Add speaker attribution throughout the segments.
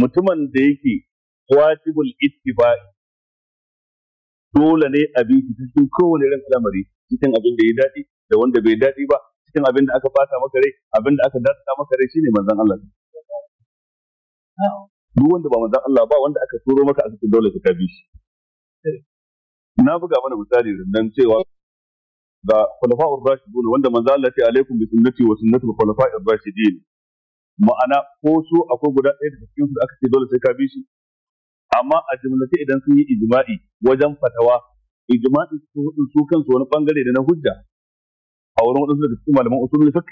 Speaker 1: mutumin da yake wajibul ittiba'i dole ne a bi cikin kowane irin al'amari cikin abin da ya daɗi da wanda bai daɗi ba cikin abin da aka fata maka rai abin da aka dace maka rai shine manzon Allah duk wanda ba manzon Allah ba wanda aka turo maka a cikin dole ka bi shi na buga mana misali nan cewa ga khulafa'ur rashidun wanda manzon Allah ya ce alaikum bi sunnati wa sunnati al-khulafa'ir rashidin ma'ana ko su akwai guda ɗaya daga cikin su da aka ce dole sai ka bi shi amma a jumlace idan sun yi ijma'i wajen fatawa ijma'i su hudu su kansu wani bangare da na hujja a wurin wadansu daga cikin malaman usulul fiqh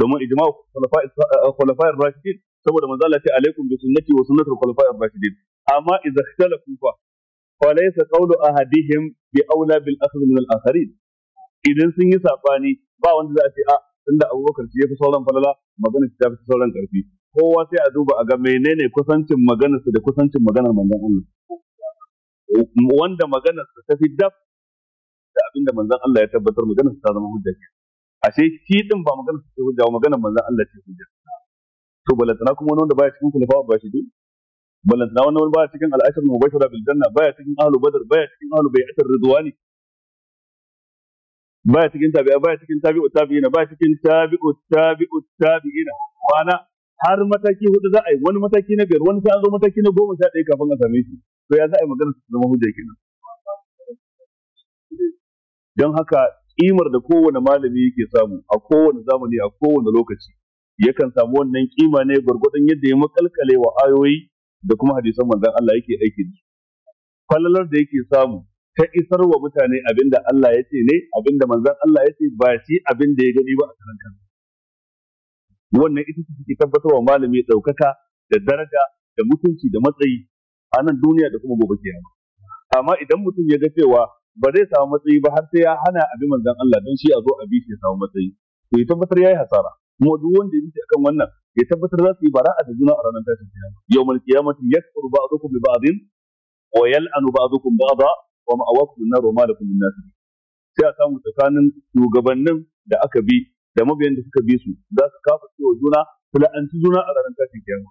Speaker 1: domin ijma'u eh, khulafa'ir rashidin saboda manzo Allah ya ce alaikum bi sunnati wa sunnatul khulafa'ir rashidin amma idza ikhtalafu fa فليس قول أحدهم بأولى بالأخذ من الآخرين idan sun yi sabani ba wanda za a ce a ah, tunda abubakar shi ya fi sauran falala magana shi ta fi sauran karfi kowa sai a duba a ga menene kusancin maganarsa da kusancin maganar manzon Allah wanda maganarsa ta fi daf da abin da manzon Allah ya tabbatar maganarsa ta zama hujja ce ashe shi din ba maganarsa ce hujja ba magana manzon Allah ce hujja to balantana kuma wani wanda baya cikin khulafa ba shi din balantana wani wanda baya cikin al'ashar mubashara bil janna baya cikin ahlu badr baya cikin ahlu bai'atar ridwani baya cikin tabi'a baya cikin tabi'u tabi'ina baya cikin tabi'u tabi'u tabi'ina wana har mataki hudu za a yi wani mataki na biyar wani sai an zo mataki na goma sha ɗaya kafin a same shi to ya za a yi magana su zama hujja kenan don haka kimar da kowane malami yake samu a kowane zamani a kowane lokaci yakan samu wannan kima ne gwargwadon yadda ya makalkale wa ayoyi da kuma hadisan manzon Allah yake aiki da falalar da yake samu ka isar wa mutane abinda Allah ya ce ne da manzan Allah ya ce ba shi abinda ya gani ba a karan kan. wannan ita ce take wa malami ɗaukaka da daraja da mutunci da matsayi a nan duniya da kuma gobe kiyama amma idan mutum ya ga cewa ba zai samu matsayi ba har sai ya hana abin manzon Allah don shi a zo a bi shi ya samu matsayi to ya tabbatar yayi hasara kuma duk wanda ya bi akan wannan ya tabbatar za su yi bara'a da juna a ranar tashin kiyama yawmal qiyamati yakfuru ba'dukum bi ba'din wa yal'anu ba'dukum ba'da wa ma'awakum na Roma da kuma nasu. sai a samu tsakanin shugabannin da aka bi da mabiyan da suka bi su za su kafa cewa juna ci juna a ranar kafin kiyama